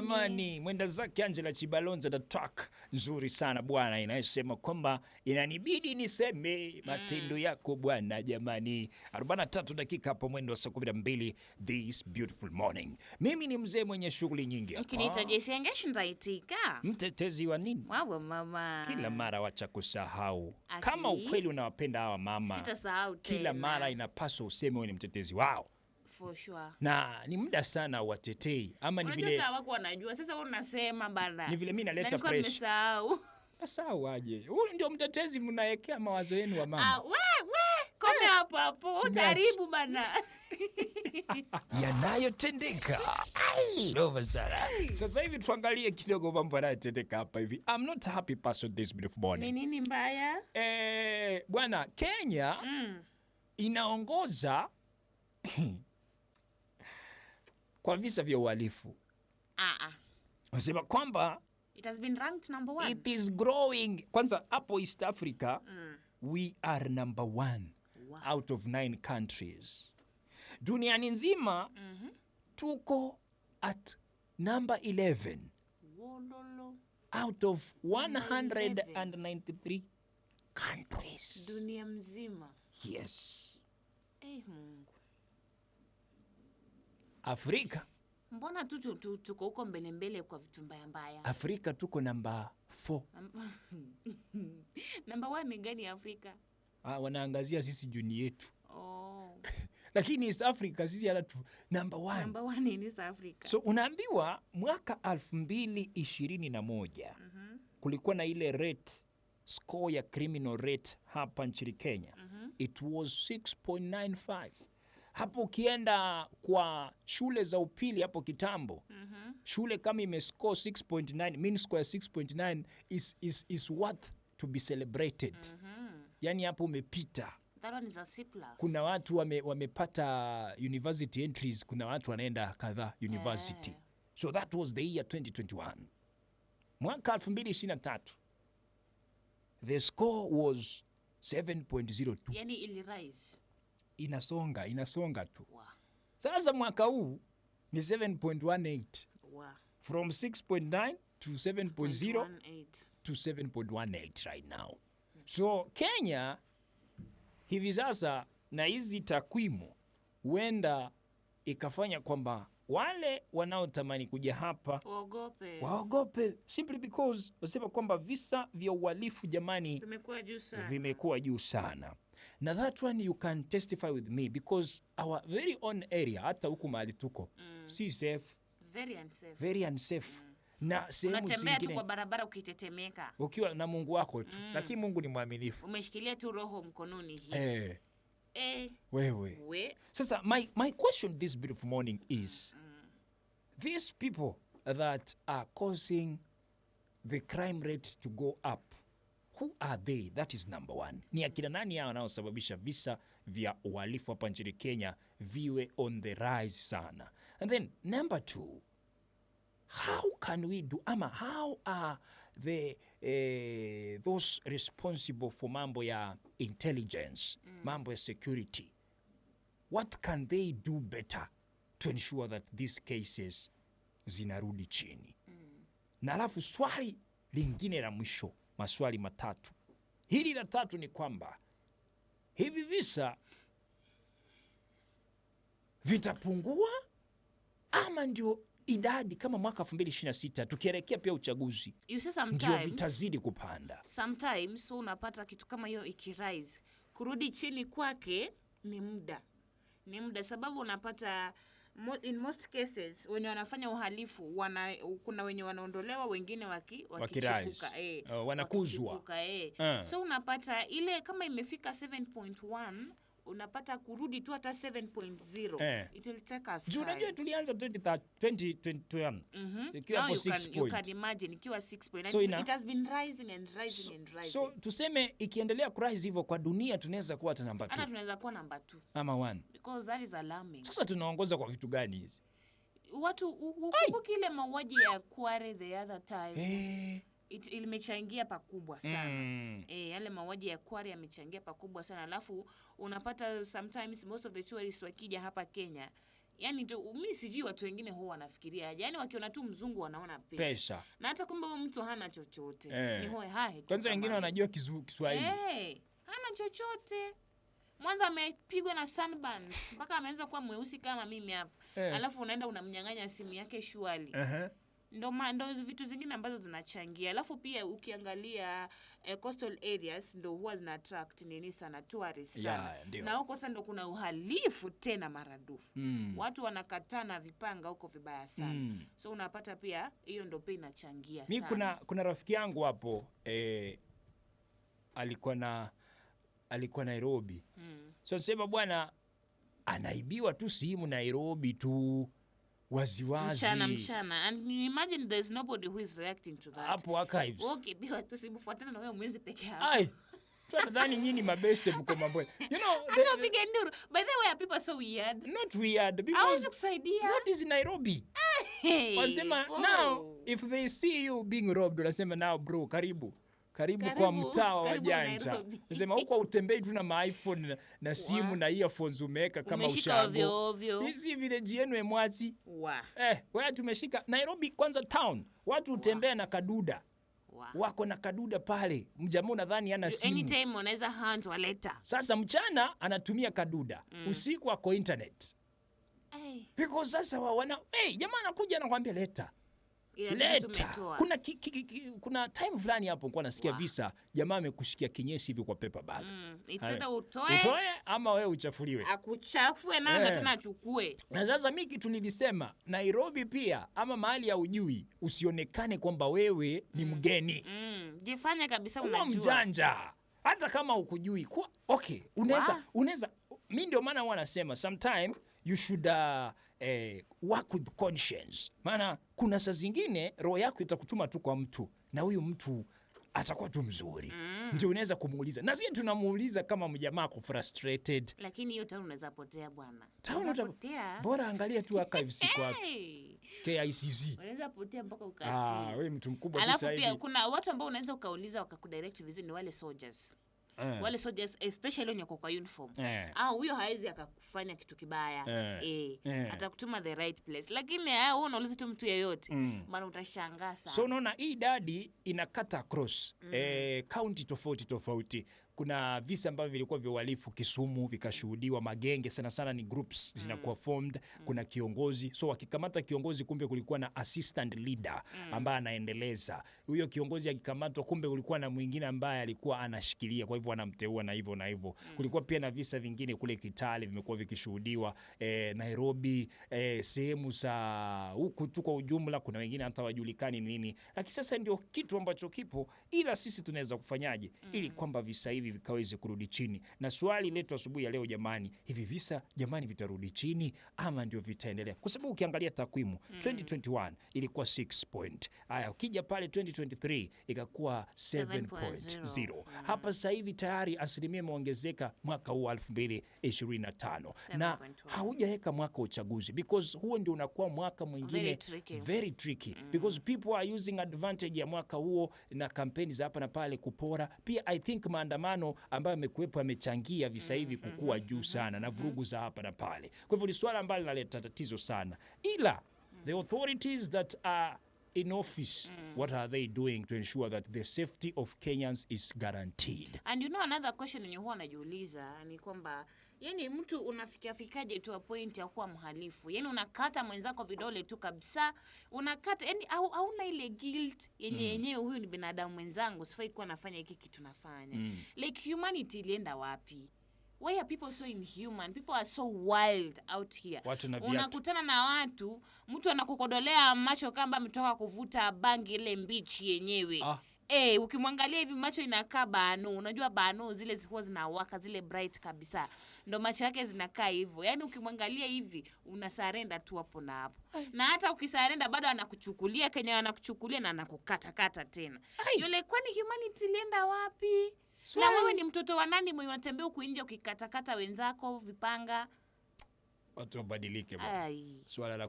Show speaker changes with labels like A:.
A: jamani, mwenda zake Angela Chibalonza na track nzuri sana bwana, inayosema kwamba inanibidi niseme matendo mm. yako bwana, jamani. 43 dakika hapo mwendo wa saa 12, this beautiful morning. Mimi ni mzee mwenye shughuli nyingi
B: hapa. Ukiniita Jesse Angesh nitaitika.
A: Mtetezi wa nini?
B: Wawa mama.
A: Kila mara wacha kusahau. Kama ukweli unawapenda hawa mama.
B: Sitasahau
A: tena. Kila mara inapaswa useme wewe ni mtetezi wao. For sure. Na ni muda sana watetei ama ni vile
B: hawako wanajua. Sasa wewe unasema bana.
A: Ni vile mimi naleta pressure.
B: Nimesahau.
A: Sasa aje. Huyu ndio mtetezi mnaekea mawazo yenu wa mama.
B: Ah, we we kome eh. hapo hapo. utaribu bana.
A: yanayotendeka noma Sara. Sasa hivi tuangalie kidogo mambo yanayotendeka hapa hivi. I'm not happy person this beautiful morning.
B: Ni nini mbaya?
A: Eh, bwana Kenya mm. inaongoza kwa visa vya uhalifu. Anasema ah, ah. kwamba
B: it has been ranked number one.
A: It is growing. Kwanza hapo East Africa mm. we are number one wow. out of nine countries duniani nzima mm -hmm. tuko at number 11 Wololo. out of 193 countries
B: dunia mzima.
A: Yes. Eh, Mungu. Afrika
B: mbona tu tuko tu, huko mbele mbele kwa vitu mbaya mbaya.
A: Afrika tuko namba 4.
B: namba 1 ni gani Afrika?
A: Ah, wanaangazia sisi juni yetu.
B: Oh.
A: Lakini East Africa sisi hata tu number 1.
B: Number 1 ni East Africa.
A: So unaambiwa mwaka 2021 mm -hmm. kulikuwa na ile rate score ya criminal rate hapa nchini Kenya. Mm -hmm. It was 6.95 hapo ukienda kwa shule za upili hapo kitambo mm -hmm. shule kama imescore 6.9 mean score 6.9 is, is, is worth to be celebrated mm -hmm. yani hapo umepita kuna watu wame, wamepata university entries kuna watu wanaenda kadhaa university yeah. so that was the year 2021 mwaka 2023 the score was 7.02 yani inasonga inasonga tu wow. Sasa mwaka huu ni 7.18 wow. From 6.9 to 7.0 to 7.18 right now. So Kenya hivi sasa na hizi takwimu huenda ikafanya kwamba wale wanaotamani kuja hapa
B: waogope,
A: waogope simply because wasema kwamba visa vya uhalifu jamani,
B: vimekuwa juu sana,
A: vimekuwa juu sana na that one you can testify with me because our very own area hata huku mahali tuko mm. si safe
B: very unsafe,
A: very unsafe. Mm na sehemu
B: zingine tu kwa barabara ukitetemeka
A: ukiwa na Mungu wako tu mm. Lakini Mungu ni mwaminifu,
B: umeshikilia tu roho mkononi hii eh. Eh. Wewe we.
A: Sasa my, my question this beautiful morning is mm. these people that are causing the crime rate to go up who are they? That is number one. Ni akina nani hao wanaosababisha visa vya uhalifu hapa nchini Kenya viwe on the rise sana? And then number two, how can we do ama how are the eh, those responsible for mambo ya intelligence mm. mambo ya security what can they do better to ensure that these cases zinarudi chini mm. na alafu swali lingine la mwisho maswali matatu. Hili la tatu ni kwamba hivi visa vitapungua ama ndio idadi kama mwaka 2026 tukielekea pia uchaguzi ndio vitazidi kupanda.
B: Sometimes unapata kitu kama hiyo ikirise, kurudi chini kwake ni muda, ni muda sababu unapata in most cases wenye wanafanya uhalifu wana, kuna wenye wanaondolewa, wengine waki,
A: wakichipuka eh, uh, wanakuzwa
B: eh. Uh. So unapata ile kama imefika 7.1 unapata kurudi tu hata 7.0 eh. It will take us juu
A: unajua tulianza 2021 mm ikiwa hapo 6 point you can
B: imagine ikiwa 6 point so ina, it has been rising and rising so, and rising so
A: tuseme ikiendelea ku rise hivyo kwa dunia tunaweza kuwa hata namba 2
B: hata tunaweza kuwa namba 2 ama 1 because that is alarming
A: sasa tunaongoza kwa vitu gani hizi
B: watu ukumbuki ile mauaji ya Kware the other time hey eh ilimechangia pakubwa sana mm. E, yale mauaji ya Kware yamechangia pakubwa sana alafu unapata sometimes most of the tourists wakija hapa Kenya Yani tu mimi sijui watu wengine huwa wanafikiria aje. Yani wakiona tu mzungu wanaona pesa. Pesa. Na hata kumbe huyo mtu hana chochote. Eh. Ni hoe hahe.
A: Kwanza wengine wanajua Kiswahili.
B: Eh. Hana chochote. Mwanza amepigwa na sunburn mpaka ameanza kuwa mweusi kama mimi hapa. Eh. Alafu unaenda unamnyang'anya simu yake shwali. Uh -huh ndo, ma, ndo vitu zingine ambazo zinachangia. Alafu pia ukiangalia eh, coastal areas ndo huwa zina attract nini sana tourists sana Yeah, na huko sasa ndo kuna uhalifu tena maradufu Mm. watu wanakatana vipanga huko vibaya sana Mm. so unapata pia hiyo ndo pia inachangia
A: Mi sana kuna, kuna rafiki yangu hapo eh, alikuwa na alikuwa Nairobi. Mm. So sema bwana anaibiwa tu simu Nairobi tu waziwazi mchana
B: mchana, and imagine there is nobody who is reacting to that.
A: Hapo archives
B: na wewe mwezi peke
A: yako. Ai tunadhani nyinyi mabeste mko mambo. You know,
B: the, nduru. By the way, people so weird.
A: Not weird because
B: What
A: is Nairobi? Hey, wasema Now if they see you being robbed, now bro, karibu karibu, kwa mtaa wa wajanja. Nasema huko utembei tu na iPhone na, na simu na earphones umeweka kama ushago. Hizi village yenu emwati. Eh, wewe tumeshika Nairobi kwanza town. Watu utembea na kaduda. Wow. Wako na kaduda pale, Mjamu nadhani ana simu.
B: Anytime unaweza wa letter.
A: Sasa mchana anatumia kaduda, mm. usiku ako internet. Hey. Because sasa wana, hey, jamaa anakuja anakuambia leta leta. Kuna, ki, ki, ki, kuna time fulani hapo nilikuwa nasikia wow. visa jamaa amekushikia kinyesi hivi kwa pepa bag mm. utoe, utoe ama wewe uchafuliwe,
B: akuchafue na yeah. tena achukue.
A: Na sasa mimi kitu nilisema Nairobi pia ama mahali ya ujui, usionekane kwamba wewe ni mm. mgeni mm.
B: jifanye kabisa kuwa unajua,
A: mjanja hata kama ukujui kwa okay, unaweza wow. unaweza mimi ndio maana huwa nasema sometime you should uh, eh, work with conscience, maana kuna saa zingine roho yako itakutuma tu kwa mtu na huyu mtu atakuwa tu mzuri mm. Ndio unaweza kumuuliza, na sisi tunamuuliza kama mjamaa ako frustrated,
B: lakini hiyo town unaweza potea bwana,
A: town potea. Bora angalia tu archives hey. kwa KICC
B: unaweza potea mpaka ukati.
A: Ah, wewe mtu mkubwa
B: sasa hivi. Alafu pia kuna watu ambao unaweza ukauliza wakakudirect vizuri, ni wale soldiers eh, wale soldiers especially wenye kwa uniform eh, ah, huyo hawezi akakufanya kitu kibaya eh, eh, eh, atakutuma the right place, lakini haya ah, wewe unauliza tu mtu yeyote mm, maana utashangaa sana.
A: So unaona hii dadi inakata across mm, eh, county tofauti tofauti, kuna visa ambavyo vilikuwa vya uhalifu Kisumu vikashuhudiwa, magenge sana sana ni groups mm. zinakuwa formed, mm. kuna kiongozi so wakikamata kiongozi, kumbe kulikuwa na assistant leader mm. ambaye anaendeleza huyo kiongozi. Akikamatwa, kumbe kulikuwa na mwingine ambaye alikuwa anashikilia, kwa hivyo anamteua na hivyo na hivyo. Kulikuwa pia na visa vingine kule Kitale vimekuwa vikishuhudiwa, eh, Nairobi, eh, sehemu za huku tu kwa ujumla. Kuna wengine hata wajulikani nini, lakini sasa ndio kitu ambacho kipo, ila sisi tunaweza kufanyaje ili kwamba visa hivi hivi vikaweze kurudi chini. Na swali letu asubuhi ya leo, jamani, hivi visa jamani vitarudi chini ama ndio vitaendelea? Kwa sababu ukiangalia takwimu mm. 2021 ilikuwa 6 point. Aya, ukija pale 2023 ikakuwa 7.0. Mm. Hapa sasa hivi tayari asilimia imeongezeka mwaka huu 2025 na haujaweka mwaka uchaguzi because huo ndio unakuwa mwaka mwingine very tricky, very tricky. Mm. because people are using advantage ya mwaka huo na kampeni za hapa na pale kupora. Pia I think maandamano mapambano ambayo amekuwepo amechangia visa hivi mm, kukua mm, juu mm, sana na vurugu za hapa na pale. Kwa hivyo ni swala ambalo linaleta tatizo sana, ila the authorities that are in office, mm. what are they doing to ensure that the safety of Kenyans is guaranteed?
B: And you know another question yenye huwa anajiuliza ni kwamba yani mtu unafikiafikaje tu point ya kuwa mhalifu? Yani unakata mwenzako vidole tu kabisa, unakata yani au, hauna ile guilt yenye mm. yenyewe, mm. huyu ni binadamu mwenzangu, sifai kuwa nafanya hiki kitu nafanya. Mm. Like humanity ilienda wapi? why are people so inhuman? People are so wild out here. unakutana na watu, mtu anakukodolea macho kamba ametoka kuvuta bangi ile mbichi yenyewe ah. Eh, ukimwangalia hivi macho inakaa bano. Unajua bano zile zikuwa zinawaka zile bright kabisa, ndo macho yake zinakaa hivyo. Yaani ukimwangalia hivi unasarenda tu hapo na hapo, na hata ukisarenda bado anakuchukulia Kenya, anakuchukulia na anakukatakata tena. Yule, kwani humanity ilienda wapi? Swali. Na wewe ni mtoto wa nani mwenye unatembea huku nje ukikatakata wenzako vipanga? Watu wabadilike bwana. Swala la